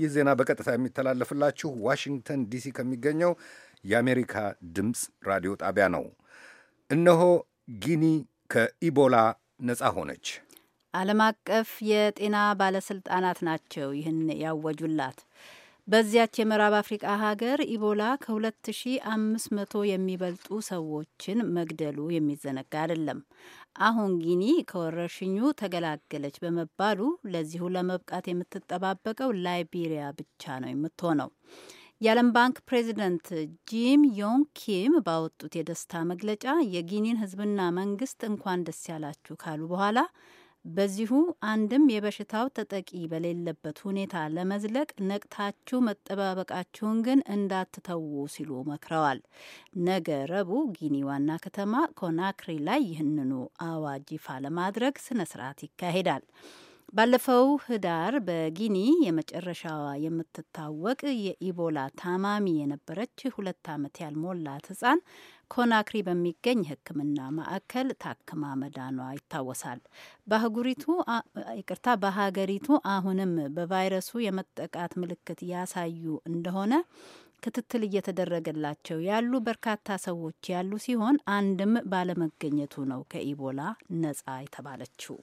ይህ ዜና በቀጥታ የሚተላለፍላችሁ ዋሽንግተን ዲሲ ከሚገኘው የአሜሪካ ድምፅ ራዲዮ ጣቢያ ነው። እነሆ ጊኒ ከኢቦላ ነፃ ሆነች። ዓለም አቀፍ የጤና ባለስልጣናት ናቸው ይህን ያወጁላት። በዚያች የምዕራብ አፍሪቃ ሀገር ኢቦላ ከ2500 የሚበልጡ ሰዎችን መግደሉ የሚዘነጋ አይደለም። አሁን ጊኒ ከወረርሽኙ ተገላገለች በመባሉ ለዚሁ ለመብቃት የምትጠባበቀው ላይቤሪያ ብቻ ነው የምትሆነው። የዓለም ባንክ ፕሬዚደንት ጂም ዮንግ ኪም ባወጡት የደስታ መግለጫ የጊኒን ሕዝብና መንግስት እንኳን ደስ ያላችሁ ካሉ በኋላ በዚሁ አንድም የበሽታው ተጠቂ በሌለበት ሁኔታ ለመዝለቅ ነቅታችሁ መጠባበቃችሁን ግን እንዳትተዉ ሲሉ መክረዋል። ነገ ረቡዕ ጊኒ ዋና ከተማ ኮናክሪ ላይ ይህንኑ አዋጅ ይፋ ለማድረግ ስነ ስርዓት ይካሄዳል። ባለፈው ህዳር በጊኒ የመጨረሻዋ የምትታወቅ የኢቦላ ታማሚ የነበረች ሁለት ዓመት ያልሞላት ህጻን ኮናክሪ በሚገኝ ሕክምና ማዕከል ታክማ መዳኗ ይታወሳል። በአህጉሪቱ ይቅርታ፣ በሀገሪቱ አሁንም በቫይረሱ የመጠቃት ምልክት ያሳዩ እንደሆነ ክትትል እየተደረገላቸው ያሉ በርካታ ሰዎች ያሉ ሲሆን አንድም ባለመገኘቱ ነው ከኢቦላ ነጻ የተባለችው።